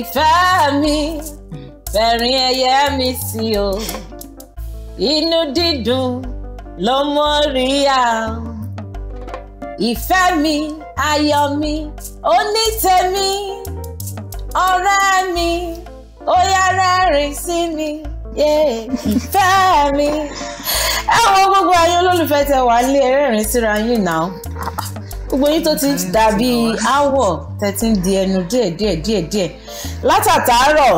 ìfẹ́ mi fẹ̀rín ẹyẹ mi sí o inú dídùn ló mọ ríà ìfẹ́ mi ayọ̀ mi onítèmi ọ̀rẹ́ mi ó yá rẹ́rìn sí mi ìfẹ́ mi ẹ wo gbogbo ayé olólùfẹ́ tẹ wà lé ẹrẹ́rìn síra yín náà gbogbo yín tó ti dàbí áwọ̀ tẹ́tí ń di ẹnu díẹ̀ díẹ̀ díẹ̀ díẹ̀ látàtàárọ̀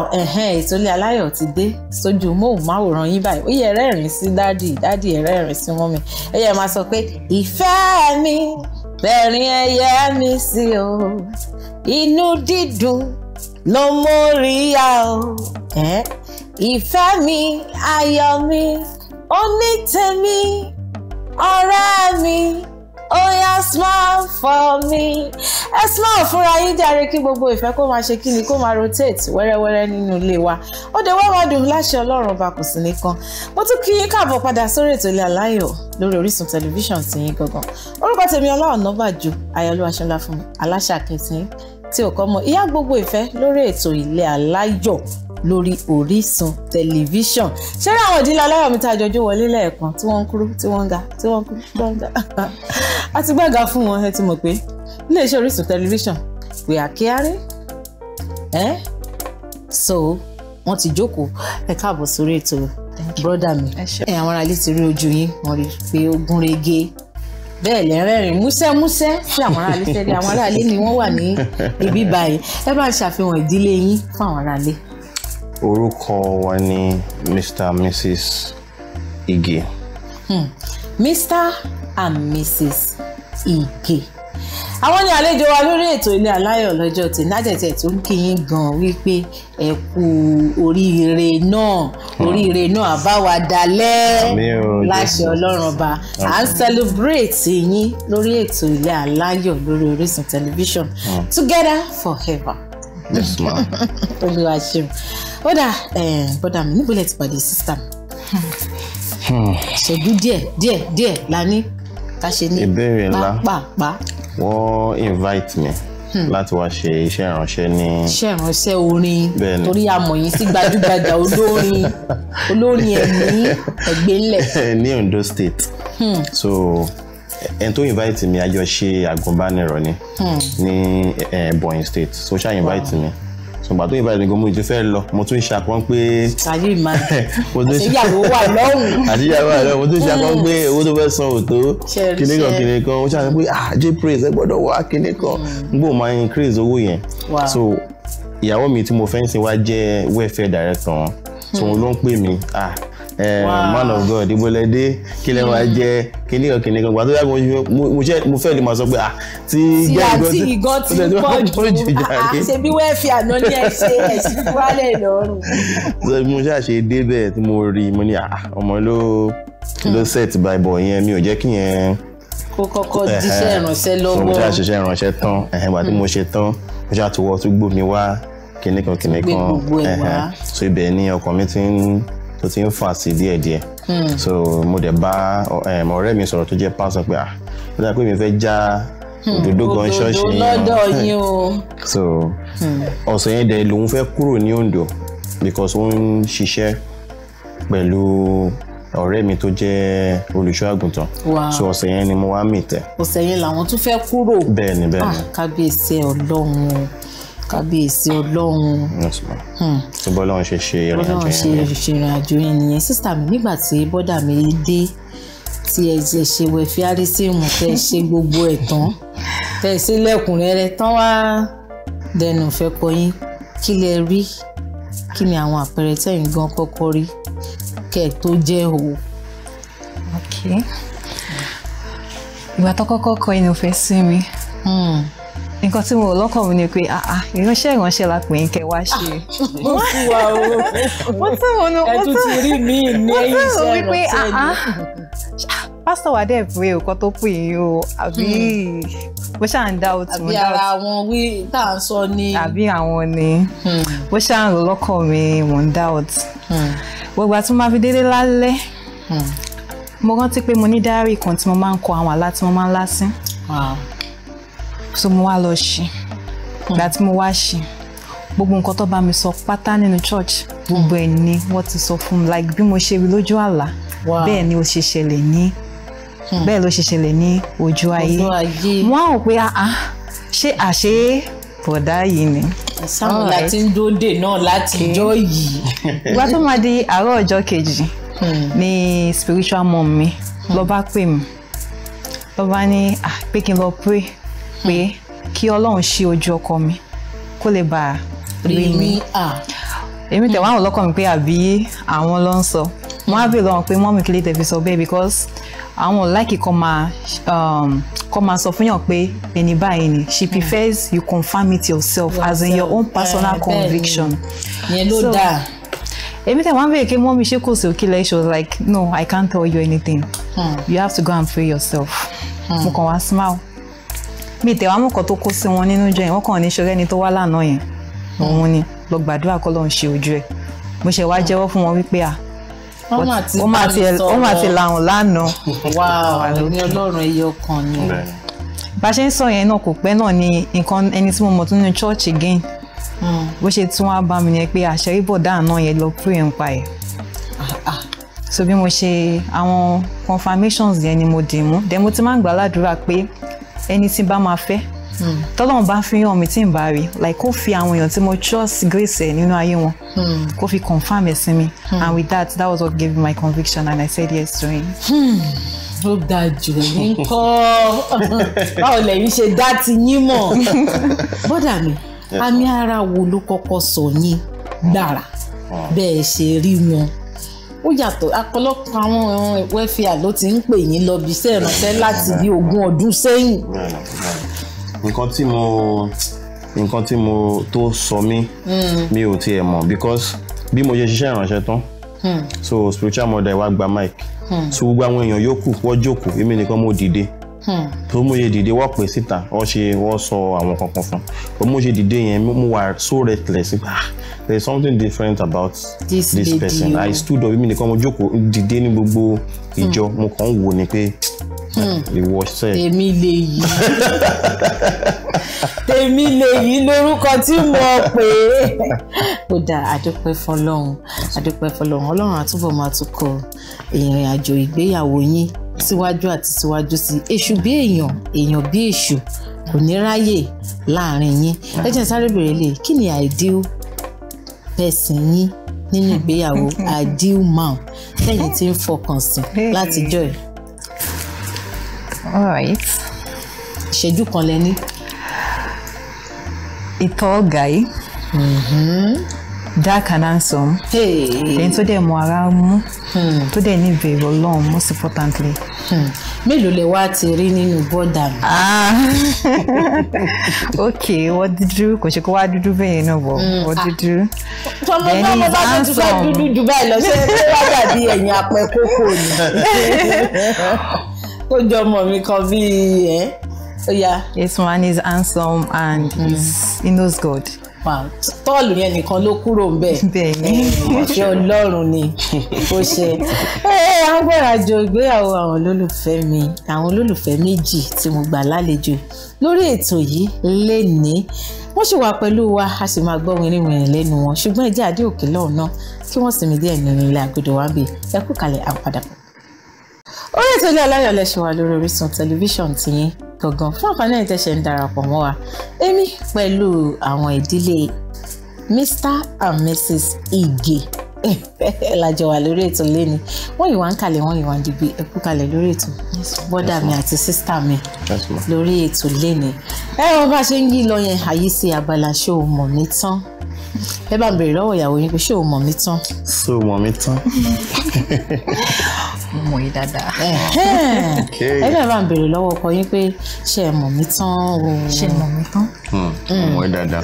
ìtòlẹ́ aláyọ̀ ti dé sójú móhùnmáwòrán yín báyìí ó yẹ rẹ́rìn sí dádì dádì ẹ̀ rẹ́rìn sí mọ́mi ẹ máa sọ pé ìfẹ́ mi bẹ̀rin ẹyẹ mi sí o inú dídùn ló móríyá o ìfẹ́ mi ayọ̀ mi onítẹ̀mí ọ̀rẹ́ mi oya oh, smile for me ẹ smile fúnra yín jàre kí gbogbo ìfẹ́ kó máa ṣe kí ni kó máa rotate wẹ́rẹ́wẹ́rẹ́ nínú ilé wa ó de wọ́n máa dùn láṣẹ ọlọ́run ọba kò sí nìkan mo tún kí yín káàbọ̀ padà sórí ètò ilé aláyọ̀ lórí Orísun tẹlifíṣàn tiyín gangan orúkọ tèmi Ọlá Ọ̀nàbàjọ ayọ̀lúwaṣọ́lá fún mi aláṣà kẹtìn tí ò kọ́ mọ ìyá gbogbo ìfẹ́ lórí ètò ilé aláyọ̀ lórí Orísun tẹlifíṣàn ṣẹ́rẹ́ àwọn ìdílé aláyọ̀ mi tá a jọjú wọlé lẹ́ẹ̀kan tí wọ́n ń kúrú tí wọ́n ń ga tí wọ́n ń kúrú tí wọ́n ń ga a ti gbàgà fún wọn ẹ ti mọ̀ pé iléeṣẹ́ Orísun tẹlifíṣàn we are caring ẹ́ so wọ́n ti jókòó ẹ káàbọ̀ sórí ètò brọ́dà mi ẹ àwọn ará ilé ti rí ojú yín wọ́n rí i pé ó gún régé bẹ́ẹ̀ lẹ́rẹ́rìn músẹ́músẹ́ sí àwọn aráalé tẹ́lẹ̀ àwọn aráalé ni wọ́n wà ní ibi báyìí ẹ bá ṣàfihàn ìdílé yín fún àwọn aráalé orúkọ wa ni mr mrs ige. Hmm. mr and mrs ige àwọn ni àlejò wa lórí ètò ilé aláyọ̀ lọ́jọ́ tí nájẹ̀tẹ̀ tó ń kíyìn gan wípé ẹ kú oríire náà hmm. oríire náà àbáwá dalẹ̀ láṣẹ ọlọ́run ọba à ń celebrate yín lórí ètò ilé aláyọ̀ lórí Orísun tẹlifíṣọ̀n hmm. together forever yes ma. olúwa ṣeun ó dà eh, bọ́dà mi níbo lẹ ti pàdé sísá mi. Hmm. ṣẹ́jú díẹ̀ díẹ̀ díẹ̀ la ní ká ṣe ní pápá. wọ́n invite me hmm. láti wá ṣe iṣẹ́ ìránṣẹ́ ní. iṣẹ́ ìránṣẹ́ orin torí a mọ̀ yín sí gbajúgbajà olórin olórin ẹ̀mí ẹ̀gbẹ́lẹ̀. ní Ondo State. Hmm. so ẹni tó invite mi àjọ ṣe agùnbánirọ̀ ni hmm. ní Ebonyi state so ṣá invite mi ṣùgbọ́n tó invite mi gan mo ti fẹ́ lọ mo tún ṣe àpọ́n pé àṣeyàwó wà lọ́hùn àṣeyàwó wà lọ́hùn mo tún ṣe àpọ́n pé hmm. owó tó fẹ́ san ò tó kíní kan kíní kan ó ṣàṣeyàwó pé ah j praise ẹ gbọ́dọ̀ wá kíní kan gbọ́dọ̀ hmm. máa increase owó yẹn so ìyàwó mi tí mo fẹ́ ń sin wá jẹ́ welfare director wọn so òun ló ń pè mí ah Eh, man of god ìbọ̀lẹ́dẹ́ kí lẹ́ wàá jẹ́ kíní kan kíní kan gbà tó yà mo fẹ́ lè máa sọ pé ah ti ìgbọ́ ti ti pọ̀ jù ah, ah, ṣe bí wẹ́ẹ́ fi àná ní ẹ̀ṣẹ̀ ẹ̀ṣẹ̀ wálẹ̀ lọ́rùn. sọ bí mo ṣàṣe débẹ̀ tí mo rí mo ní ah ọmọ ló ló hmm. set by boy yẹn mi ò jẹ́ kí yẹn kó kọ́kọ́ díṣẹ́ ìrànṣẹ́ lọ́wọ́ mo ṣáà ṣiṣẹ́ ìrànṣẹ́ tán ìgbà tí mo hmm. ṣe tán mo ṣáà tó wọ́ tó gbó mi wá kìnìkan kìnìkan so ibẹ̀ ni ọkàn mi ti ń tó ti ń fà sí díẹ̀díẹ̀ hmm. so mo dẹ̀ bá ọ̀rẹ́ mi sọ̀rọ̀ tó jẹ́ pásọ pé ah ó pé mi fẹ́ já hmm. òdòdó gan ṣọ́ọ̀ṣì yẹn hmm. so ọ̀sẹ̀ yẹn dẹ̀ lòun fẹ́ kúrò ní Ondo because ó ń ṣiṣẹ́ pẹ̀lú ọ̀rẹ́ mi tó jẹ́ olùṣọ́ àgùntàn so ọ̀sẹ̀ yẹn ni mo wá mì tẹ̀. ọ̀sẹ̀ yẹn làwọn tún fẹ́ kúrò bẹ́ẹ̀ ni bẹ́ẹ̀ ni ah, kábíyèsí ọlọ́run o kábíyèsí ọlọ́run. tí hmm. bọ́lọ́run ṣe ṣe ìrìn àjò yẹn. bọ́lọ́run ṣe ṣe ìrìn àjò yẹn nìyẹn sísá mi nígbà tí bọ́dà mi dé tí ẹ ṣe ṣe wẹ̀fí àrísìmù tẹ́ ṣe gbogbo ẹ̀ tán tẹ́ ṣe lẹ́kùnrẹ́rẹ́ tán wá dẹnu fẹ́ kọyín kí lẹ rí kí ni àwọn àpẹẹrẹ tẹ̀yìn gan kọ́kọ́ rí kẹ́ ẹ̀ tó jẹ́ o. ìgbà tó kọ́kọ́ kọ inú fẹ́ sí mi. Hmm nǹkan tí mo lọ́kàn mi ni pé ah, ah, ìránṣẹ́ ìránṣẹ́ la pè é kẹ wá ṣe. Ah, mo tún wà o mo tún wò ó ẹ tún ti rí mi ní ẹ̀yìn iṣẹ́ pásítọ̀ wà dẹ̀ pé nǹkan tó pè yín o àbí bó hmm. ṣáà ń dá o tí mo dá o. àbí ara àwọn wí tá à ń sọ ni. àbí àwọn ni bó hmm. ṣáà ń lò lọ́kàn mi mò ń dá hmm. o tí. gbogbo àti mo máa fi délé lálẹ́ mo rántí pé mo ní dáárì kan tí mo máa ń kọ àwọn àlá tí mo máa ń lá so mo wá lọ ṣe ìgbà tí mo wá ṣe gbogbo nǹkan tó bá mi sọ pátá nínú church gbogbo ẹ̀ ni wọ́n ti sọ fún like bí mo ṣe rí lójú àlá bẹ́ẹ̀ ni ó ṣe ṣẹlẹ̀ ní hmm. bẹ́ẹ̀ ló ṣe ṣẹlẹ̀ ní ojú ayé wọ́n á wò pé ah, ah, ṣé àṣé bọ̀dá yìí ni sáwọn láti ń dóde náà láti ìjọ yìí. ìgbà tó máa di àárọ̀ ọjọ́ kejì hmm. ni spiritual mom hmm. mi ló pè mí ló ní ah, pé kí n lọ pray pé kí ọlọ́run ṣí ojú ọkọ mi kó lè bàa rí mi èmi tẹ̀ hmm. wá àwọn ọlọ́kọ̀ mi pé àbí àwọn ló ń sọ wọ́n á bèèrè lọ́wọ́ pé mọ́mí kí lè tẹ̀ fi sọ bẹ́ẹ̀ because àwọn ò láìkì kọ́ máa um, kọ́ máa sọ fún pé ẹni báyìí ni she hmm. prefers you confirm it yourself as in your own personal eh, conviction. So. ló dáa. èmi tẹ̀ wọ́n á bèèrè pé mọ́mí ṣé kò sí òkìlẹ̀ she was like no I can't tell you anything hmm. you have to go and pray yourself. mo kàn wá smile mi tẹ̀wá mọ̀kàn tó kó sí wọn nínú jọ yẹn wọ́n kàn ní ṣọrẹ́ ni tó wá lánàá yẹn òun ni lọ gbàdúrà kọ́ lọ́n ṣe ojú ẹ̀ mo ṣe wá jẹ́wọ́ fún wọn wípé à ó mà ti làwọn lánàá. wàá ní ọlọ́run ẹyẹ ọkàn ni. bá a ṣe ń sọ yẹn náà kò pẹ́ náà ni nǹkan ẹni tí mo mọ̀ tó nínú church again hmm. bó ṣe tún wá bá mi ni pé àṣẹ ìbọ̀dá àná yẹn lọ pray ń pa ẹ̀ so bí mo ṣe àwọn confirmations yẹn ni mo dì mú then mo ti máa ń gbàládùra pé ẹni tí n bá máa fẹ́ hmm. tọ́lọ́run bá fi hàn mí tí n bá rí like kó fi àwọn èèyàn tí mo trust grace ẹ̀ nínú ayé wọn hmm. kó fi confirm ẹ̀sìn mi hmm. and with that that was what gave me my conviction and I said yes to him. ó dáa jù ẹ̀yin kọ́ báwo lẹ́yìn ṣe dá ti yín mọ̀ bọ́dà mi àmì ara wo ló kọ́kọ́ sọ yín dára bẹ́ẹ̀ ṣe rí wọn ó yàtọ̀ ọ̀pọ̀lọpọ̀ àwọn wẹ́fíà ló ti ń pè yín lọ bí iṣẹ́ ìránṣẹ́ láti bí ogún ọdún sẹ́yìn. nǹkan tí mo nǹkan tí mo tó sọ mí hmm. mi ò tiẹ̀ mọ̀ because bí mo ṣe ṣiṣẹ́ ìránṣẹ́ tán hmm. so spiritual mother wa gba mic hmm. so gbogbo àwọn èèyàn yòókù wọ́n jókòó èmi nìkan mo dìde Hmm. tó mú ṣe dìde wọ́n pè síta wọ́n ṣe wọ́n sọ àwọn kankan fún tó mú ṣe dìde yẹn mú wa so reckless gba ah, there is something different about this, this person I stood up mi nìkan mo jókòó dìde ní gbogbo ìjọ hmm. mo kàn ń wò ni pé hmm. ìwọ sẹ. tèmi lè yí tèmi lè yí lórúkọ tí mo pè é. ó dáa àdúpẹ́ fọlọ́run àdúpẹ́ fọlọ́run ọlọ́run àtúbọ̀ máa tún kọ ìrìn àjò ìgbéyàwó yín síwájú àti síwájú sí èṣù bí èèyàn èèyàn bí èṣù kò ní ráyè láàrin yín ẹ jẹ́ sáré bèrè lè e, kí ni ideal person yín nínú ìgbéyàwó ideal man lẹ́yìn tí ń fọkàn sí látijọ́ ẹ̀. ìṣẹ́jú kan lẹ ní. a tall guy dá kan náà sọ lẹ́yìn tó dẹ̀ mú ara mú hmm. tó dẹ̀ ní most importantly. Hmm. mélòó lè wá ti rí nínú bọ́dà mi. Ah. ok wọ́n dúdú kò you kó wá dúdú bẹ́ẹ̀ náà bọ̀ hmm. wọ́n ah. dúdú. tọmọ náà mo bá tó ti fẹ́ dúdú jù báyìí lọ sí ẹ wá dàbí ẹ̀yìn apẹ kókó ni. ó jọ mi kan bíi Oh, yeah. This man is handsome and mm. he knows God. Paul yẹn nìkan ló kúrò ńbẹ̀ ṣé Ọlọ́run ni ó ṣe agbẹ́rajo ìgbéyàwó àwọn olólùfẹ́ mi àwọn olólùfẹ́ méjì tí mo gbà lálejò lórí ètò yìí lénìí wọ́n sì wà pẹ̀lú wa a sì máa gbọ́ wọn nínú ìrìn lẹ́nu wọn ṣùgbọ́n ẹ jẹ́ àdé òkè lọ́hùn náà kí wọ́n sinmi díẹ̀ nínú ilé agodo wa ń bè ẹ kú kalẹ̀ àpàdàpọ̀ orí ètò ilé aláyọ̀ lẹ́sìn wa lórí Orísun tẹlifíṣàn tiyín gangan fún àǹfààní ẹ̀yin tẹ̀sẹ̀ ń darapọ̀ mọ́ wa èmi pẹ̀lú àwọn ìdílé Mr and Mrs Ige lájọ wà lórí ètò lẹ́ni wọ́n yìí wá ń kalẹ̀ wọ́n yìí wá ń dibi ẹ̀kú kalẹ̀ lórí ètò bọ́dà mi àti sísítà mi lórí ètò lẹ́ni ẹ̀rọ bá ṣe ń yí lọ yẹn àyíṣe abala ṣé o mọ̀ mí tán ẹ bá ń bèrè lọ́wọ́ ìyàwó yín pé ṣé o mọ̀ mí tán. ṣé o mọ̀ mí tán. mo mọ̀ yín dáadáa. ẹ bẹ́ẹ̀ bá ń bèrè lọ́wọ́ ọkọ yín pé ṣé ẹ mọ̀ mí tán o. ṣé ẹ mọ̀ mí tán. Hmm, mo mọ̀ yín dáadáa.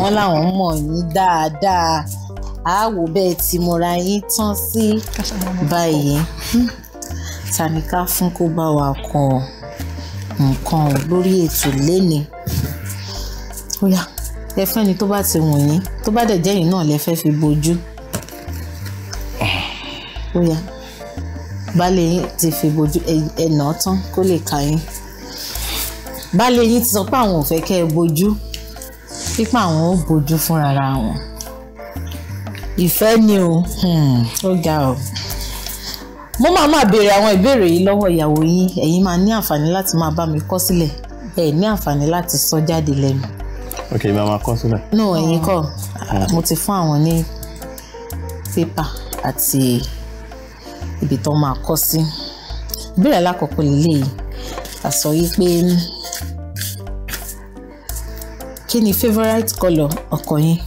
wọ́n láwọn mọ̀ yín dáadáa àáwò bẹ́ẹ̀ tí mo ra yín tán sí báyìí tani fún kó bá wa kọ nǹkan lórí ètò léni ẹ fún ẹni tó bá ti wù yín tó bá dẹ̀ jẹ́ yín náà lẹ fẹ́ fi bojú ó yá baálé yín ti fi bojú ẹnà tán kó lè ka yín baálé yín ti sọ pé àwọn ò fẹ́ kẹ́ ẹ bojú pípa àwọn ò bojú fúnra wọn ìfẹ́ ni o hmm, ó ga o mo máa máa béèrè àwọn ìbéèrè yìí lọ́wọ́ ìyàwó yín ẹ̀yin máa ní àǹfààní láti máa bá mi kọ sílẹ̀ ẹ ní àǹfààní láti sọ jáde lẹ́nu ok ìgbà máa kọ sílẹ̀. no ẹ̀yin kọ́ ah. mo ti fún àwọn ní pépà àti ibi tó máa kọ sí ìbéèrè alákọ̀ọ́kọ́ lélẹ́yìí àsọ yìí pé kí ni favourite colour ọkọ yín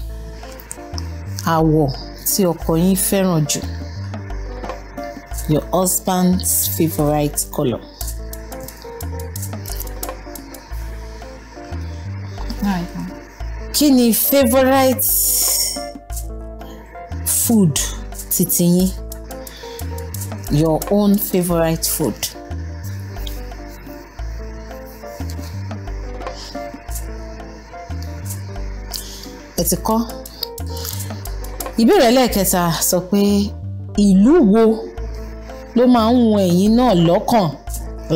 àwọ̀ tí ọkọ yín fẹ́ràn jù your husband's favourite colour. kí ni favourite food titi yín your own favourite food. ẹ ti kọ́ ìbéèrè ẹlẹ́ẹ̀kẹta sọ pé ìlú wo ló máa ń wù ẹ̀yin náà lọ́kàn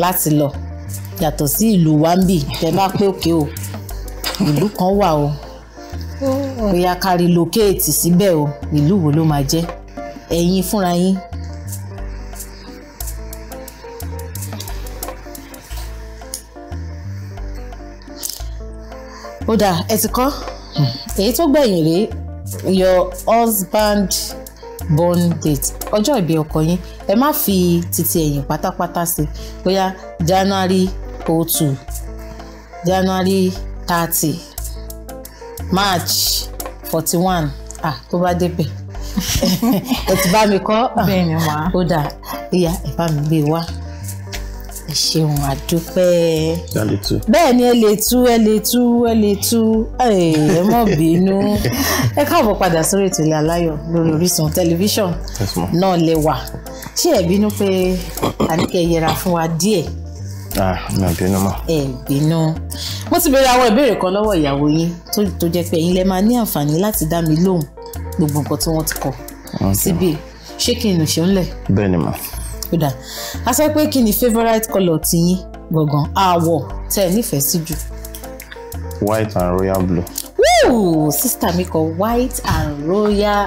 láti lọ yàtọ̀ sí ìlú wa ń bá pé òkè o ìlú kan wà o bóyá ká relocate síbẹ̀ o ìlú wo ló máa jẹ́ ẹ̀yin fúnra yín. ó dáa ẹ ti kọ́ èyí tó gbẹ̀yìn rèé your husband born date ọjọ́ ìbí ọkọ yín ẹ má fi títí ẹ̀yìn pátápátá sí bóyá January 02 January 30 march forty one ah tó bá débẹ̀ ẹ ti bá mi kọ́ bẹ́ẹ̀ ni wà á ó dà ìyá ẹ bá mi gbé wá ẹ ṣeun àdúpẹ́. bẹ́ẹ̀ ni ẹ lè tú ẹ lè tú ẹ lè tú ẹ mọ̀ bínú ẹ káàbọ̀ padà sórí ètò Ilé Aláyọ̀ lórí Orísun tẹlifíṣàn náà lè wà ṣé ẹ bínú pé àníkẹ́ yẹra fún wa díẹ̀. Ah, mi ò bínú mọ́. ẹ bínú mo ti béèrè àwọn ìbéèrè kan lọ́wọ́ ìyàwó yín tó jẹ́ pé ẹ̀yin lẹ máa ní àǹfààní láti dá mi lóhùn gbogbo nǹkan tí wọ́n ti kọ síbi ṣé kí n ṣe ń lẹ̀. bẹ́ẹ̀ ni mà. ó dà á sọ pé kí ni favourite colour ti yín gbọ̀ngàn àwọ̀ tẹ́ nífẹ̀ẹ́ sí jù. white and royal blue. Woo! sister mi kọ white and royal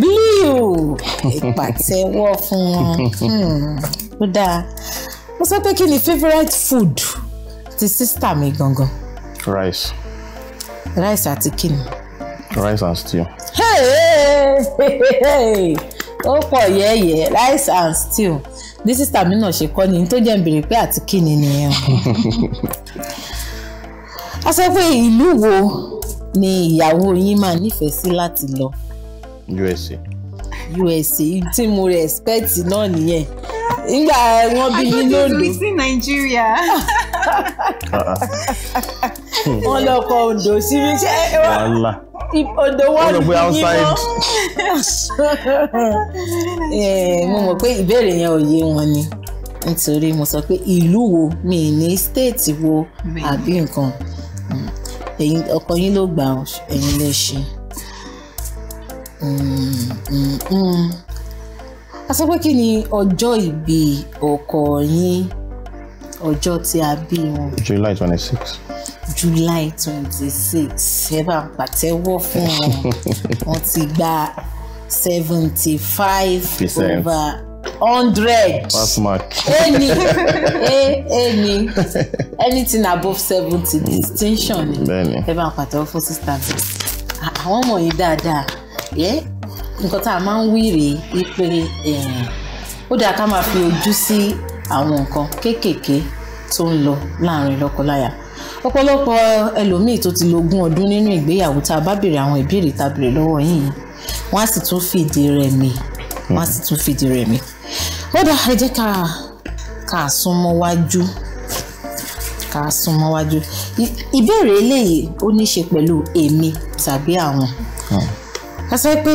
blue ìpàtẹ́wọ́ fún wọn hmm. ó dáa mo sọ pé kí ni favourite food ti sister mi gangan. rice. rice àti kini. rice and stew. Hey, ó pọ̀ yẹ́yẹ́ rice and stew bí sister mi náà ṣe kọ́ ni tó jẹ́ ń béèrè pé àti kí ni nìyẹn. a sọ pé ìlú wo ni ìyàwó yín máa nífẹ̀ẹ́ sí láti lọ. USA. USA tí mo respect náà nìyẹn nígbà wọn bí yín lódò. I go to visit Nigeria. wọn lọ kọ Ondo síbi ṣe Ondo wọn bí yín mọ́. mo mọ̀ pé ìbéèrè yẹn ò yé wọn ni nítorí mo sọ pé ìlú wo mi ní stéètì wo àbí nǹkan hmm. ọkọ yín ló gbà ẹ̀yin lè ṣe. Hmm, hmm, a sọ pé kí ni ọjọ́ ìbí ọkọ yín ọjọ́ tí a bí wọn. July twenty six. July twenty six ẹ bá ń pàtẹ́wọ́ fún wọn wọ́n ti gba seventy five over hundred. pass mark. ẹni ẹni anything above seventy distinction ni ẹ bá ń pàtẹ́wọ́ fún sista mi àwọn ọmọ yìí dáadáa ẹ nǹkan tá a máa ń wí rèé pé eh, ó dáa ká máa fi ojú sí àwọn nǹkan kéékèèké tó ń lọ láàrin lọ́kọláya ọ̀pọ̀lọpọ̀ ẹlòmíì tó ti lógún ọdún nínú ìgbéyàwó tá a bá béèrè àwọn ìbéèrè tá a béèrè lọ́wọ́ yìí wọ́n á sì tún fìdí rẹ̀ mi wọ́n á sì tún fìdí rẹ̀ mi ó dáa ẹ jẹ́ ká ká sún mọ́ wájú ká sún ìbéèrè eléyìí ó ní í ṣe pẹ̀lú èmi tàbí àwọn hmm a sọ pé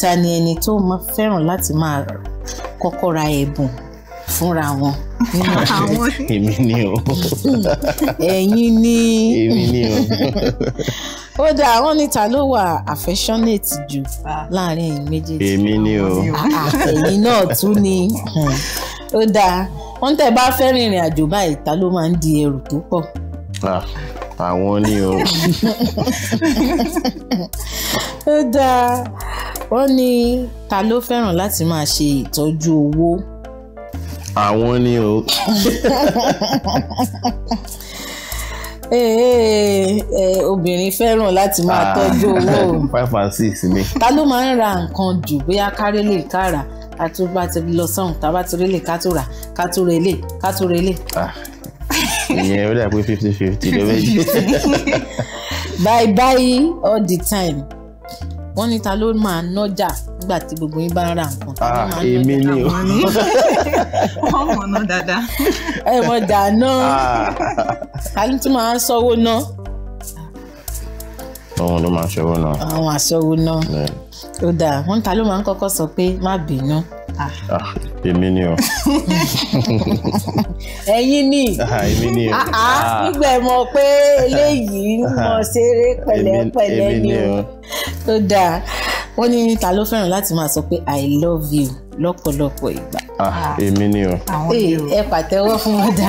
ta ni ẹni tó máa fẹ́ràn láti máa kọ́kọ́ ra ẹ̀bùn fúnra wọn nínú àwọn èmi ni o ẹ̀yin ni èmi ni o ó dá àwọn níta ló wà affectionate jù láàrin ẹ̀yin méjèèjì èmi ni o ah, ah, ẹ̀yin náà tún ni hmm. ó dá wọn tẹ́ bá fẹ́ rìnrìn àjò báyìí ta ló máa ń di ẹrù tó pọ̀. Ah, àwọn ni o. ó dáa wọ́n ní ta ló fẹ́ràn láti máa ṣe ìtọ́jú owó. àwọn ni o. Eh, eh, eh, obìnrin fẹ́ràn láti máa ah, tọ́jú owó. five and six ni. ta ló máa ń ra nǹkan jù bóyá kárẹ́ lè kára ká bá ti lọ sọ́hún tá a bá ti rí lè ká tó rà ká tó rè lè ká tó rè lè. Ah, ìyẹn ó dà pé fifty fifty ló bye bye all the time wọ́n ní ta ló máa nọ́jà nígbà tí gbogbo yín bá ń ra nǹkan ta ló ah, máa nọ́jà èmi ni o wọ́n mọ̀ ná dáadáa. ẹ mọ̀ dà náà ah. ta ló tún máa ń sọ́wọ́ náà. àwọn ló máa ń sọ́wọ́ náà. àwọn àsọ̀wọ́ náà ó dáa wọ́n ta ló máa ń kọ́kọ́ sọ pé má bínú. Ah. èmi ni o. ẹ̀yin ni èmi ni o. nígbà ẹ mọ̀ pé eléyìí mọ̀ ṣeré pẹ̀lẹ́pẹ̀lẹ́ ni o ó dáa wọ́n ní ta ló fẹ́ràn láti máa sọ pé i love you lọ́pọ̀lọpọ̀ ìgbà. Ah, ah. èmi ni o. ẹ pàtẹ́wọ́ fún mọ́dà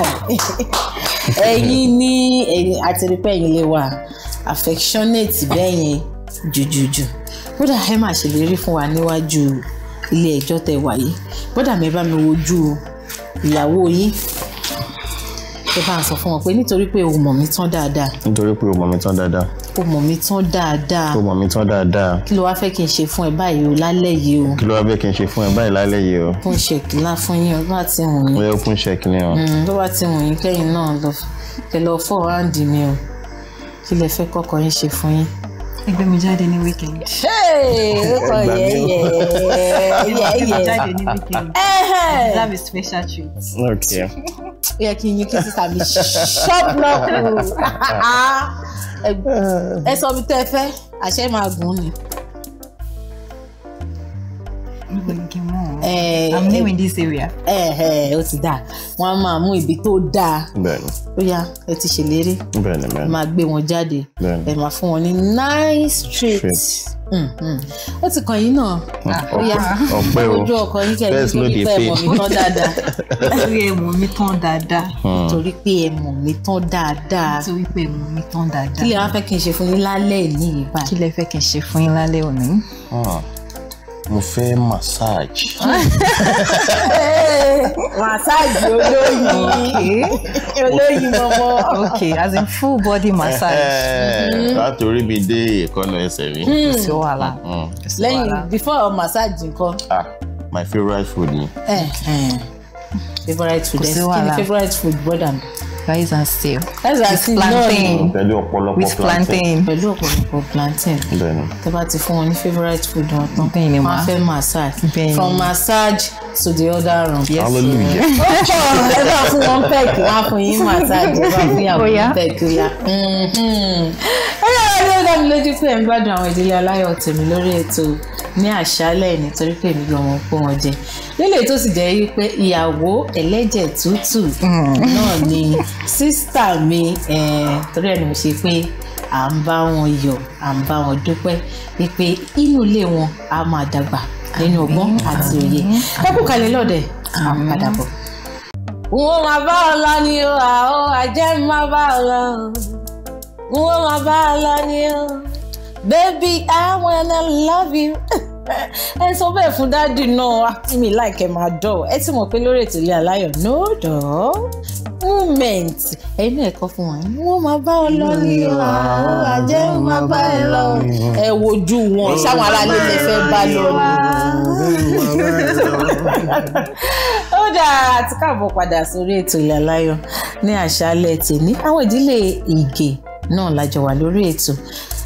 ẹ̀yin ní ẹ̀yin àtẹ̀rípẹ́ ẹ̀yin lè wà affectionate bẹ́ẹ̀ yẹn jùjùjù kódà ẹ máa ṣèlérí fún wa níwájú ilé ẹjọ́ tẹ wà yìí bọ́dà mi bá mi wojú ìyàwó yín ẹ bá ń sọ fún wọn pé nítorí pé o mọ̀ mi tán dáadáa. nítorí pé o mọ̀ mi tán dáadáa o mọ̀ mi tán dáadáa. o mọ̀ mi tán dáadáa. kí ló wá fẹ́ kí n ṣe fún ẹ báyìí o lálẹ́ yìí o. kí ló wá fẹ́ kí n ṣe fún ẹ báyìí lálẹ́ yìí o. kún ṣèkì lá fún yín o bá ti wù yín. bóyá kún ṣèkì ni o. ló mm, bá ti wù yín kẹ́yìn náà lọ kẹ lọ fọ́ ráǹdì mi o kí lẹ fẹ́ kọ́kọ́ yín ṣe fún yín. ẹgbẹ́ mi jáde ní weekend. ó kọ yẹ́yẹ́ jáde ní weekend. have a special treat. Okay ó yẹ kí n yín kí sísá mi ṣọ́ọ̀bù lọ́kùn ah, ẹ sọ mi tẹ́ ẹ fẹ́ àṣẹ Eh, i'm new eh, in this area. ẹ eh, ẹ ó ti dáa wọn á máa mú ibi tó dáa ó yá ẹ ti ṣèlérí ẹ máa gbé wọn jáde ẹ máa fún wọn ní nice treat hmm, hmm. ó ti kàn yín náà hmm, ah, ó yá ọpẹ́ o ojú ọkọ yín kẹrin nítorí pé ẹ mọ̀ mí tán dáadáa nítorí ẹ mọ̀ mí tán dáadáa nítorí pé ẹ mọ̀ mí tán dáadáa nítorí pé ẹ mọ̀ mí tán dáadáa kí lè wá fẹ́ kí n ṣe fún yín lálẹ́ ìní yìí báyìí kí lè fẹ́ kí n ṣe fún yín lálẹ́ òní mo fẹ́ massage. massage olóyin eh, olóyin mọ́mọ́. ok as in full body massage. Eh, láti orí mi dé ìkọ́nà ẹsẹ̀ mi. Hmm. sí wàhálà. Hmm. lẹ́yìn before massage nǹkan. ah my favourite food ni. Eh, favorite food kí ni favorite food bọ́dà mi. Guys and stew rice and stew plantain pẹ̀lú ọ̀pọ̀lọpọ̀ plantain pẹ̀lú ọ̀pọ̀lọpọ̀ plantain tó bá ti fún wọn ní favourite food wọn tán bẹ́ẹ̀ ni ma wọ́n fẹ́ massage from massage to the other room. yes hallelujah. ọkọ oh, ẹ bá fún wọn pẹ́ẹ̀kì wọn fún yín massage ẹ bá fún yàrá pẹ́ẹ̀kì ó yá ló dá mi lójú pé ẹ̀ ń gbádùn àwọn ìdílé aláyọ̀ tèmi lórí ètò ní àṣálẹ̀ nítorí pé èmi gan-an kó wọn jẹ lélẹ̀ tó sì jẹ́ wípé ìyàwó ẹlẹ́jẹ̀ tútù náà ni sísítà mi torí ẹni mo ṣe pé à ń bá wọn yọ̀ à ń bá wọn dúpẹ́ wípé inú ilé wọn á máa dàgbà nínú ọgbọ́n àti òye ẹ kalẹ̀ lọ́dẹ̀ à ń padà bọ̀. n máa bá ọ lọ ni o àá àjẹ́ máa bá ọ lọ n ó máa bá a lọ ni o baby i wanna love you ẹ sọ bẹ́ẹ̀ fún dáàdì náà mi láìkẹ́ máa dọ̀ ẹ ti mọ̀ pé lórí ètò Ilé Aláyọ̀ no dọ̀ movement ẹ̀yin náà ẹ̀kọ́ fún wa wọ́n máa bá ọ lọ ní àwọn àjẹ́ wọn máa bá ẹ lọ ẹ wojú wọn sáwọn aráàlú lè fẹ́ bá lọ ó dáa àti káàbọ̀ padà sórí ètò Ilé Aláyọ̀ ní àṣálẹ́ tèmi àwọn ìdílé Ìgè náà lájọ wà lórí ètò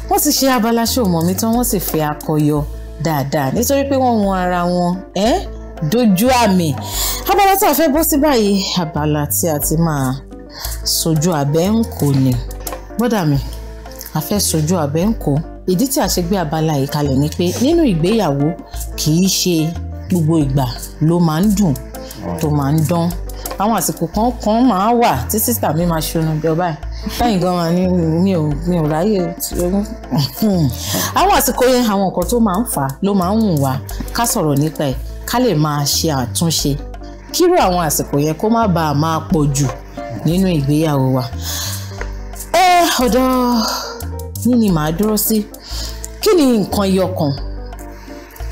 wọ́n ti ṣe abala ṣòmọ̀ mi tán wọ́n sì fẹ́ akọyọ dáadáa nítorí pé wọ́n wọn ara wọn ẹ́ dojú àmì abala tí a fẹ́ bọ́ sí báyìí abala tí a ti máa sojú abẹ́ ń kò ní bọ́dà mi a fẹ́ sojú abẹ́ ń kò ìdí tí a ṣe gbé abala yìí kalẹ̀ ni pé nínú ìgbéyàwó kì í ṣe gbogbo ìgbà ló máa ń dùn tó máa ń dán àwọn àsìkò kan kan máa wà tí sísà mi máa ṣonú ìjọba lẹ́yìn gan ni mi ò mi ò ráyè hmm. àwọn àsìkò yẹn àwọn nǹkan tó máa ń fà ló máa ń wù wá ká sọ̀rọ̀ nípa ẹ̀ ká lè máa ṣe àtúnṣe kírú àwọn àsìkò yẹn kó má bàa máa pọ̀ jù nínú ìgbéyàwó wa ẹ ọ̀dọ̀ yín ni màá dúró sí kí ni nǹkan yọkàn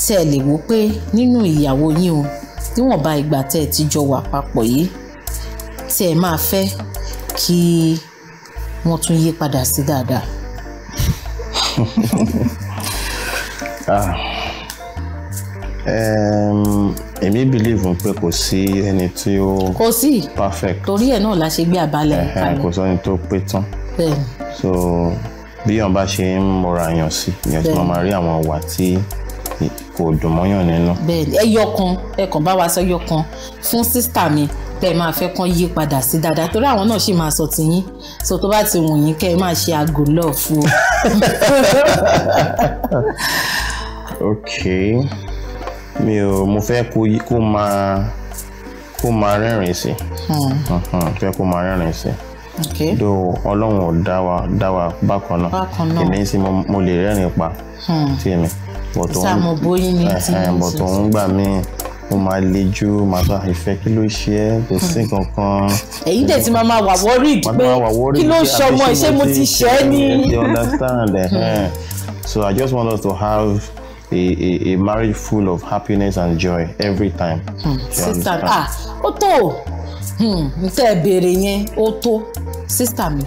tẹ́ lè wò pé nínú ìyàwó yín o níwọ̀nba ìgbà tẹ́ ẹ ti jọ wà papọ̀ yìí tí ẹ máa fẹ́ kí wọ́n tún yí padà sí dáadáa. Ah. èmi believe pé kò sí ẹni tí ó kò sí perfect torí ẹ̀ náà la ṣe gbé àbálẹ̀ kalẹ̀ kò sọ́ni tó pé tán so bí yàn bá ṣe ń mọra yàn sí yàn tí wọ́n máa rí àwọn ìwà tí kò dùn mọ́yàn nínú. bẹ́ẹ̀ni ẹyọ kan ẹ kàn bá wa sọ ẹyọ kan fún sísítà mi tẹ ẹ máa fẹ́ kán yí padà sí dáadáa torí àwọn náà sì máa sọ tiyín so tó bá ti wù yín kẹ ẹ máa ṣe aago lọ fún o. ok mi ò mo fẹ́ kó kó máa kó máa rẹ́rìn sí hmm. Hmm, fẹ́ kó máa rẹ́rìn sí do ọlọ́run ò dá wa dá wa bákan náà èmi sì mo lè rẹ́rìn pa sí hmm. mi bọ̀tọ̀ ń gbà míì mo máa lejú màá bá ìfẹ́ kí ló ṣe ẹ́ kò sí hmm. nǹkan kan. èyí dẹ̀ ti máa wà worried pé kí ló sọ ọmọ ìṣe mo ti ṣe é ní. you understand eh? so i just want us to have a, a, a marriage full of happiness and joy every time. Hmm. sister ah ó tó hmm, n tẹ́ ẹ béèrè yẹn ó tó sister mi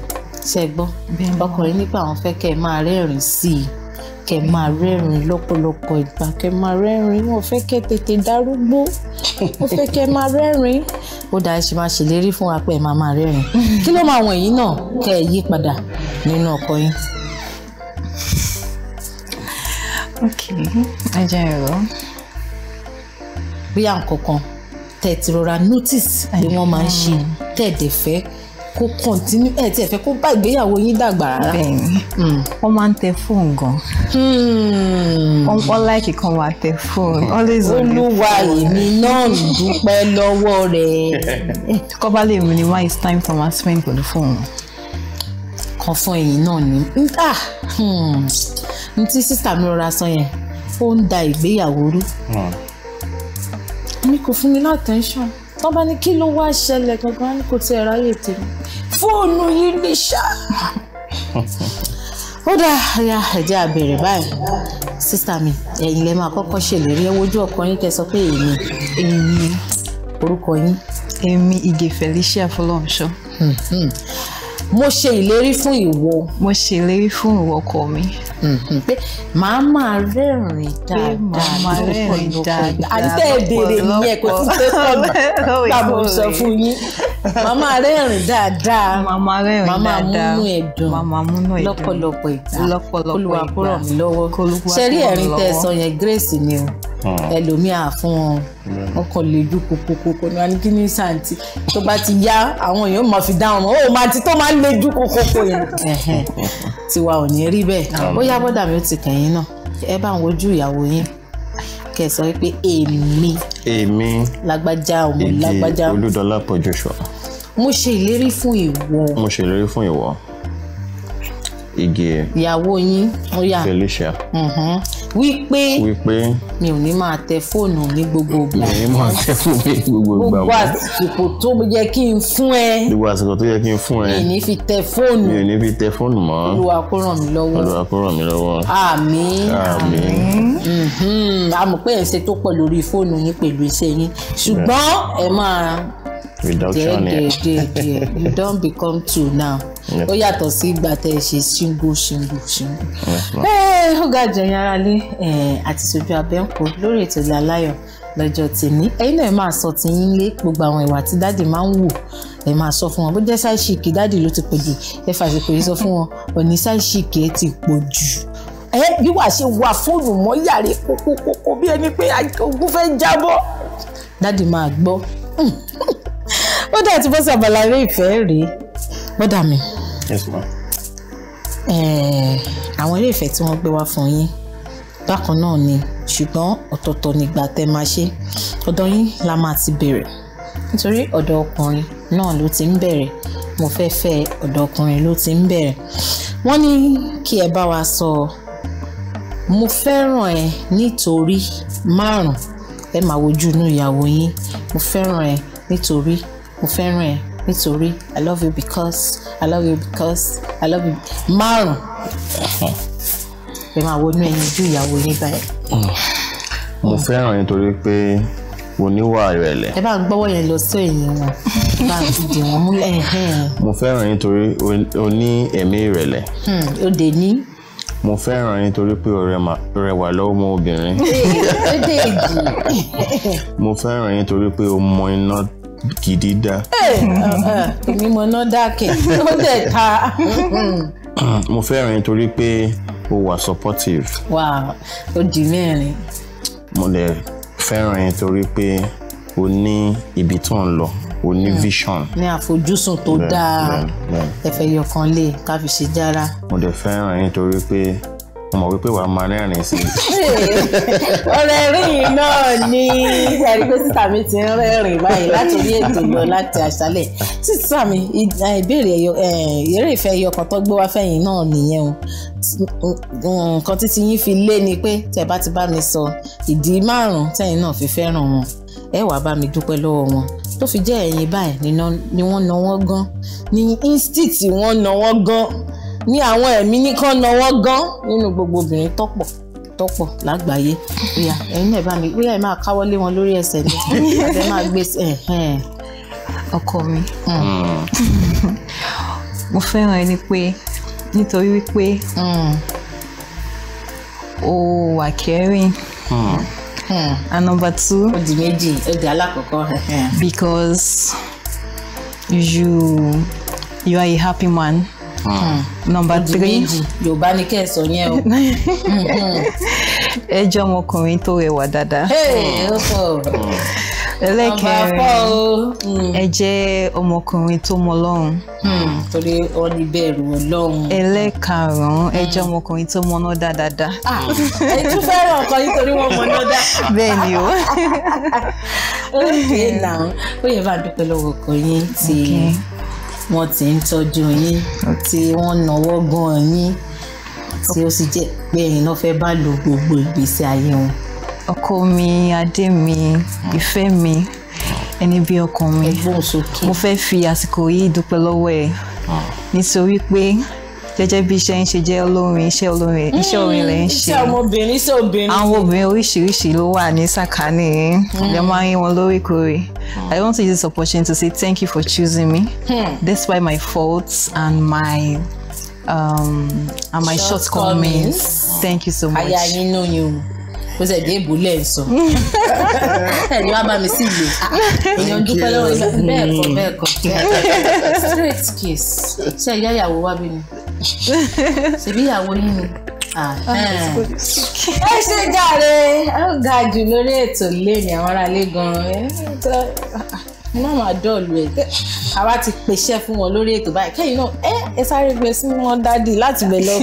ṣe gbọ́ ọkùnrin nípa àwọn fẹ́ kẹ́ ẹ máa rẹ́rìn-ín sí i kẹ́ máa rẹ́rìn lọ́pọ̀lọpọ̀ ìgbà kẹ́ máa rẹ́rìn wọ́n fẹ́ kẹ́ tètè darúgbó wọ́n fẹ́ kẹ́ máa rẹ́rìn ó dáa ṣe máa ṣèlérí fún wa pé ẹ máa máa rẹ́rìn kí ló máa wọ̀nyí náà kẹ́ ẹ yí padà nínú ọkọ yín. ok ẹ jẹ́ ẹ̀rọ. bóyá nǹkan kan tẹ̀ ti rọra notice ni wọ́n máa ń ṣe hmm. tẹ̀ dẹ̀ fẹ́ kó kọ̀ntínú ẹ̀ tí ẹ fẹ́ kó bá ìgbéyàwó yín dàgbà rárá. bẹ́ẹ̀ni hmm. máa ń tẹ fóònù gan. wọn láìkì kan wà tẹ fóònù. olúwa èmi náà dúpẹ́ lọ́wọ́ rẹ̀. kọ́ba lè mú why it's time for my spend pẹ̀lú fóònù. kan fún ẹ̀yìn náà ni ah, hmm. n tí sísà mi rọra sọ yẹn ó ń da ìgbéyàwó rú hmm. mi kò fún mi látẹ̀ńṣọ̀n tọ́ bá ní kí ló wá ṣẹlẹ̀ gangan ní kò tiẹ̀ ráyè tèmi fóònù yìí ni ṣá. ó dáa ya ẹ̀jẹ̀ àbèrè báyìí sísá mi ẹ̀yin lẹ́ máa kọ́kọ́ ṣèlérí ẹ wojú ọkọ yín kẹ́ sọ pé èmi èmi orúkọ yín. èmi Ìgè Felicia Fọlọ́runṣọ́. Hmm, hmm. mo ṣe ìlérí fún ìwọ. mo ṣe ìlérí fún ìwọ ọkọ mi. Hmm, pé màá máa rẹ́rìn-ín dáadáa. pé màá máa rẹ́rìn-ín dáadáa. àti tẹ́ ẹ béèrè nìyẹn kò tún tẹ́ sọ̀rọ̀ tàbí sọ fún yín màmá rẹ́rìn dáadáa màmá rẹ́rìn dáadáa màmá múnú ẹ̀ dùn màmá múnú ẹ̀ dùn lọ́pọ̀lọpọ̀ ìgbà lọ́pọ̀lọpọ̀ ìgbà olùwàkúrọ mi lọ́wọ́ ṣẹrí ẹ̀rín tẹ́ sọ yẹn grace ni o hmm. ẹlòmíà fún wọn ọkàn lójú kokokoko ni wọn ní kí ní sàǹtì tó bá ti yá àwọn èèyàn máa fi dáhùn mọ ó máa ti tó máa ń lójú kokoko yẹn tiwa ò ní rí bẹ́ẹ̀ bóyá bọ́dà mi ó ti kàn yín náà ẹ bá ń wojú ìyàwó yín kẹsàn án pé èmi èmi lágbájá ọmọ lágbájá Olúdọlápọ̀ Joshua mo ṣe ìlérí fún ìwọ mo ṣe ìlérí fún ìwọ Ige ìyàwó yín ó yà Felicia mm-hmm. wípé wípé mi ò ní máa tẹ fóònù ní gbogbo ìgbà mi ò ní máa tẹ fóònù ní gbogbo ìgbà gbogbo àsìkò tó yẹ kí n fún ẹ gbogbo àsìkò tó yẹ kí n fún ẹ mi ò ní fi tẹ fóònù mi ò ní fi tẹ fóònù mọ́ olúwa kó ràn mí lọ́wọ́ olúwa kó ràn mí lọ́wọ́ àmín àmín mm-hmm. a mọ̀ pé ẹ̀ tó pọ̀ lórí fóònù yín pẹ̀lú iṣẹ́ yín ṣùgbọ́n ẹ máa reduction yẹn. you don become two now ó yàtọ̀ sí ìgbà tẹ́ ẹ ṣe ṣíngó ṣíngó ṣíngó. Eh, ó ga jù ẹ̀yin aráalé eh, àti sojú abẹ́ ń kó lórí ètò Ilé Aláyọ̀ lọ́jọ́ tèmi ẹ̀yin náà ẹ máa sọ tìyín lé gbogbo àwọn ìwà tí dáàdì máa ń wò ẹ máa sọ fún wọn bó jẹ́ sáìsìkì dáàdì ló ti pè jù ẹ fàṣepè sọ fún wọn òní sáìsìkì ẹ ti pọ̀ jù ẹ bí wàá ṣe wà fóònù mọ́ yàrá kókókókó bí ẹni pé ogun fẹ́ jábọ́ dáàdì máa gbọ́ ó dà tí bọ́sà balẹ̀ ìfẹ́ rèé bọ́dà mi. Eh, àwọn eré ìfẹ́ tí wọ́n gbé wá fún yín bákan náà ni ṣùgbọ́n ọ̀tọ̀ọ̀tọ̀ nígbà tẹ́ máa ṣe ọ̀dọ̀ yín la máa ti bẹ̀rẹ̀ nítorí ọ̀dọ̀ ọkùnrin náà ló ti ń bẹ̀rẹ̀ mo fẹ́ fẹ́ ọ̀dọ̀ ọkùnrin ló ti ń bẹ̀rẹ̀ wọ́n ní kí ẹ bá wa sọ mo fẹ́ràn ẹ nítorí márùn ẹ máa wojú inú ìyàwó yín mo fẹ́ràn ẹ nítorí mo fẹ́ràn ẹ nítorí I love you because I love you because I love you márùn ẹ máa wọnú ẹyin ojú ìyàwó yín báyìí. Mm. mo fẹ́ràn yín torí pé oníwà ìrẹ̀lẹ̀. ẹ bá ń gbọ́wọ́ yẹn lọ sí ẹ̀yìn wọn bá ń dì wọ́n múlẹ̀. mo fẹ́ràn yín torí o ní ẹ̀mí ìrẹ̀lẹ̀. Hmm, o dè ní. mo fẹ́ràn yín torí pé o rẹwà lọ́mọ obìnrin. mo fẹ́ràn yín torí pé o mọ iná gidi dá. Eh, eh, eh, èmi mo ná dákẹ́ ó dẹ̀ ta. mo fẹ́ràn yín torí pé o wà supportive. wà ó di mẹ́rin. mo lè fẹ́ràn yín torí pé o ní ibi tó ń lọ o ní hmm. vision. ní àfojúsùn tó dáa ẹ fẹ́ yọkan lé ká fi mo lè fẹ́ràn yín torí pé mọ̀ wípé wàá máa rẹ́rìn sí i. ọ̀rẹ́ rìn náà ni ẹ̀rí pé títà mi ti ń rẹ́rìn báyìí láti orí ètò lọ láti àṣálẹ̀ títà mi ìbéèrè eré ìfẹ́ ẹyọkan tó gbé wá fẹ̀yìn náà nìyẹn o nǹkan títí yín fi lé ni pé tẹ́ bá ti bá mi sọ ìdí márùn-ún tẹ̀yìn náà fi fẹ́ràn wọn ẹ wàá bá mi dúpẹ́ lọ́wọ́ wọn tó fi jẹ́ ẹ̀yìn báyìí ni wọ́n na gan ni instinct wọ́n na gan ní àwọn ẹ̀mí nìkan náwó gan nínú gbogbo obìnrin tọ́pọ̀ tọ́pọ̀ lágbàáyé bóyá ẹ̀yin náà bá mi bóyá ẹ máa káwọ́ lé wọn lórí ẹsẹ̀ ni ẹ máa gbé ọkọ mi hmm. mo fẹ́ràn ẹni pé nítorí wípé o hmm, wà kẹrin hmm. and number two Odi meji. méjì ó di alákọ̀ọ́kọ́ because you you are a happy man. Hmm. nọmba three yorùbá ni kẹ́ ẹ sọ yẹn o. Hmm, hmm. ẹ jẹ́ ọmọkùnrin tó rẹwà dáadáa. ẹlẹ́kẹ̀rin ẹ jẹ́ ọmọkùnrin tó mọ Ọlọ́run. torí wọn ní bẹ̀rù Ọlọ́run. ẹlẹ́karùn-ún ẹ jẹ́ ọmọkùnrin tó mọná dáadáa. Ah, ẹ tún fẹ́ràn ọkọ yìí torí wọ́n mọná dá. bẹ́ẹ̀ ni o. ó yẹ náà ó yẹ bá dúpẹ́ lọ́wọ́ ọkọ yín ti wọ́n ti ń tọ́jú yín tí wọ́n náwó gan yín tí ó sì jẹ́ pé ẹ̀yin náà fẹ́ bá lo gbogbo ìgbésí ayé wọn. ọkọ mi adé mi ìfẹ́ mi ẹni bí ọkàn mi mo fẹ́ fi àsìkò yìí dúpẹ́ lọ́wọ́ ẹ̀ ah. nítorí pé jẹ́jẹ́ bí iṣẹ́ ń ṣe jẹ́ olórin iṣẹ́ olórin iṣẹ́ orin lẹ ń ṣe iṣẹ́ ọmọbìnrin iṣẹ́ obìnrin àwọn obìnrin oríṣiríṣi ló wà ní sàkání lè hmm. máa ń rí wọn lóríkòrè I want to use this opportunity to say thank you for choosing me, mm. despite my faults and my um, and my Short shortcomings. Mm. Thank you so much. Aya yín nù yín o. Ó ṣe jẹ́ ìbúlẹ̀ ń sọ. Ẹ̀yin wá bá mi sí ìlú. Èèyàn dúpẹ́ lọ́wọ́ ìgbà bẹ́ẹ̀ kọ́ hmm. bẹ́ẹ̀ kọ́. Straight kiss. Ṣé ìyá ìyàwó wá bí mi? Ṣèbí ìyàwó yín ni? Ah, ah, eh. ẹ ṣe jàre ó ga jù lórí ètò lẹ́yìn àwọn aráalé gan-an iná eh, máa dọ̀ọ̀lù ẹ̀ àwa ti pèsè fún wọn lórí ètò báyìí kẹ́yìn náà ẹ ẹ sáré gbé sí wọn dádì láti bẹ̀ lọ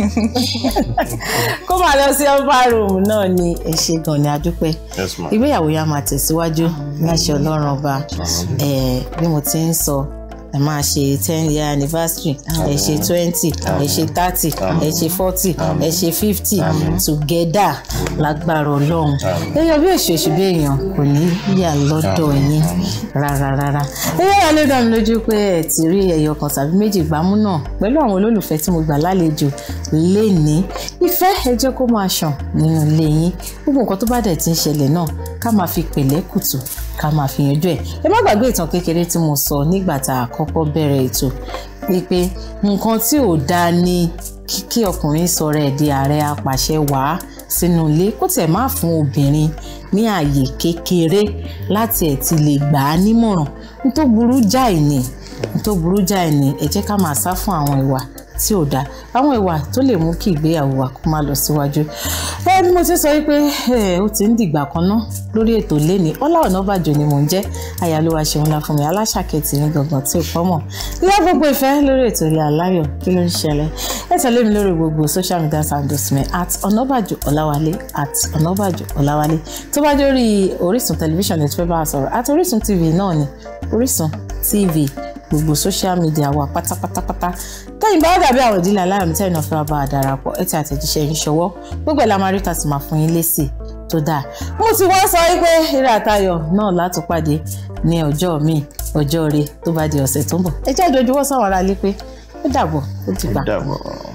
kó máa lọ sí ọba rúùmù náà ni ẹ ṣe gan ni adúpẹ́ ìgbéyàwó yá máa tẹ̀síwájú láṣẹ ọlọ́run ọba eh, bí mo ti ń sọ ẹ máa ṣe ten year anniversary ẹ ṣe twenty ẹ ṣe thirty ẹ ṣe forty ẹ ṣe fifty together lágbára ọlọ́run gẹ́gẹ́ bí èṣù èṣù bí èèyàn kò ní yà lọ́dọ̀ yín rárá rárá eré yà ló dá mi lójú pé ẹ ti rí ẹyọ kan tàbí méjì gbámú náà pẹ̀lú àwọn olólùfẹ́ tí mo gbà lálejò lénìí ìfẹ́ ẹ jẹ́ kó máa ṣàn nínú ilé yín gbogbo nǹkan tó bá dẹ̀ ti ń ṣẹlẹ̀ náà ká máa fi pẹ̀lẹ́ kùtù ká máa fi yanjú ẹ̀ ẹ má gbàgbé ìtàn kékeré tí mo sọ nígbà tá a kọ́kọ́ bẹ̀rẹ̀ ètò pé nǹkan tí ò dáa ni kí ọkùnrin sọ̀rọ̀ ẹ̀ di ààrẹ apàṣẹ wàá sínú ilé kó tẹ̀ má fún obìnrin ní ààyè kékeré láti ẹ̀ ti lè gbà á nímọ̀ràn n tó burú jáì ni n tó burú jáì ni ẹ jẹ́ ká máa sá fún àwọn ìwà tí ò dáa àwọn ìwà tó lè mú kí ìgbéyàwó wa kó má lọ síwájú. ẹ bí mo ti sọ yìí pé ó ti ń dìgbà kan ná lórí ètò lẹ́ni Ọlá Ọ̀nàbàjọ ni mò ń jẹ́ ayálóhà ṣeun la fún mi aláṣàkẹ́tì ní gangan tí ò pọ́ mọ̀ ilé gbogbo ìfẹ́ lórí ètò ilé aláyọ̀ kí ló ń ṣẹlẹ̀ ẹ tẹ̀lé mi lórí gbogbo social media handles mi at Ọ̀nàbàjọ Ọláwálé at Ọ̀nàbàjọ Ọláwálé tó bá dórí Orísun tẹlifíṣàn ẹ̀ tó bá a sọ̀rọ̀ at Orísun TV náà ni TV gbogbo social media wa pátápátápátá tẹ́yìn bá dàbí àwọn ìdílé aláyọ̀mí tẹ́yìn náà fẹ́ wá bá a darapọ̀ ẹ ti àtẹ̀jíṣẹ́ yín ṣọwọ́ gbogbo ẹ̀ la máa rí ta sì máa fún yín lésì tó dáa mo ti wá sọ wípé eré àtayọ̀ náà láti pàdé ní ọjọ́ míì ọjọ́ rẹ tó bá di ọ̀sẹ̀ tó ń bọ̀ ẹ jẹ́ ìdojúwọ́ sáwọn aráalé pé ó dàbọ̀ ó ti gbà. ó dàbọ̀.